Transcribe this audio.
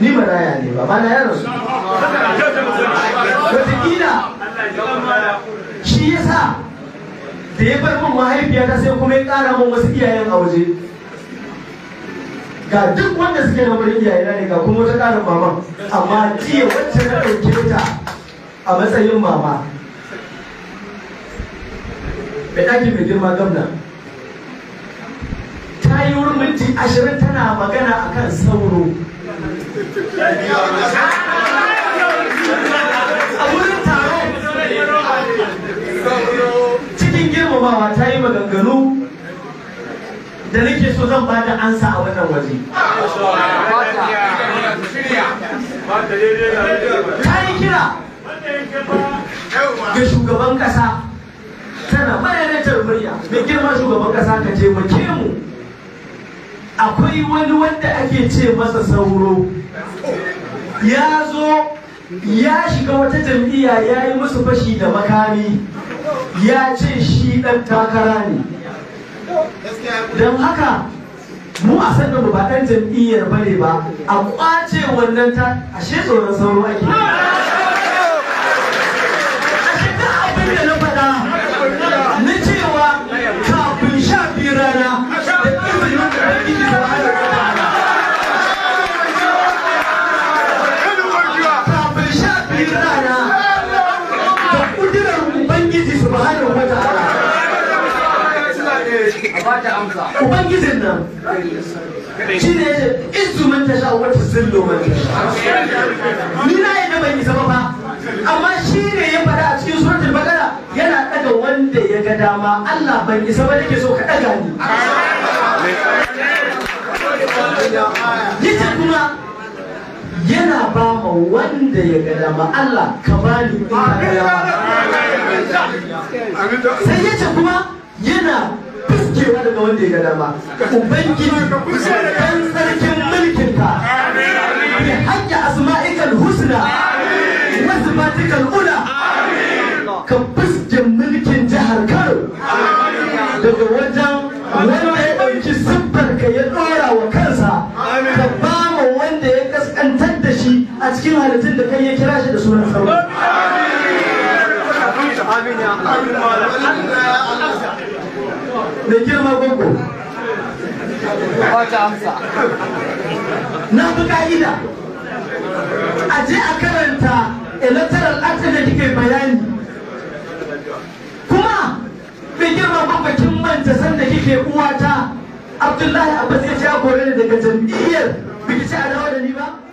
ni ba ya ne ba ya rasu wataƙila shi yasa da ya bar min ta sai kuma ya ƙara min wasu iyayen a waje ga duk wanda suke da wurin iyayena ne ga kuma wata ƙarin mama amma jiya wacce na ɗauke ta a matsayin mama mai ɗaki mai girma gamna ta yi wurin minti ashirin tana magana a wurin taro cikin girmamawa ta yi maganganu da nake so zan ba ansa a wannan waje ta yi kira ga shugaban kasa tana bayanan murya mai girma shugaban kasa ka je mu akwai wani wanda ake ce masa sauro ya zo ya shiga wata jam'iyya ya yi musu fashi da makami ya ce shi ɗan takara ne don haka mu a sanda ba ɗan jam'iyyar bane ba a kwace wannan ta ashe tsoron sauro ake rana da kudirar ubangijin nan shi ne izu man ta sha wata zillo man sha ni na yadda ban isa ba amma shi ne ya faɗa a cikin suratul bakara yana ɗaga wanda ya ga dama Allah ban isa ba nake so ka ɗaga ni yace kuma yana ba ma wanda ya ga dama Allah ka ba ni sai ya ce kuma yana fuskewa daga wanda ya ga dama ubangiji dan sarkin mulkin ka. bi hajja asma'ikal husna wa sifatikal ula ka fuske mulkin jihar Kano daga wajen a cikin halittun da kai ya kira shi da sunan sauri da girma na fi ka'ida a je a karanta electoral act da kike bayani kuma da girma manta sanda kike uwata abdullahi abbas ya ce ya kore daga jam'iyyar biki ci a dawo da ni ba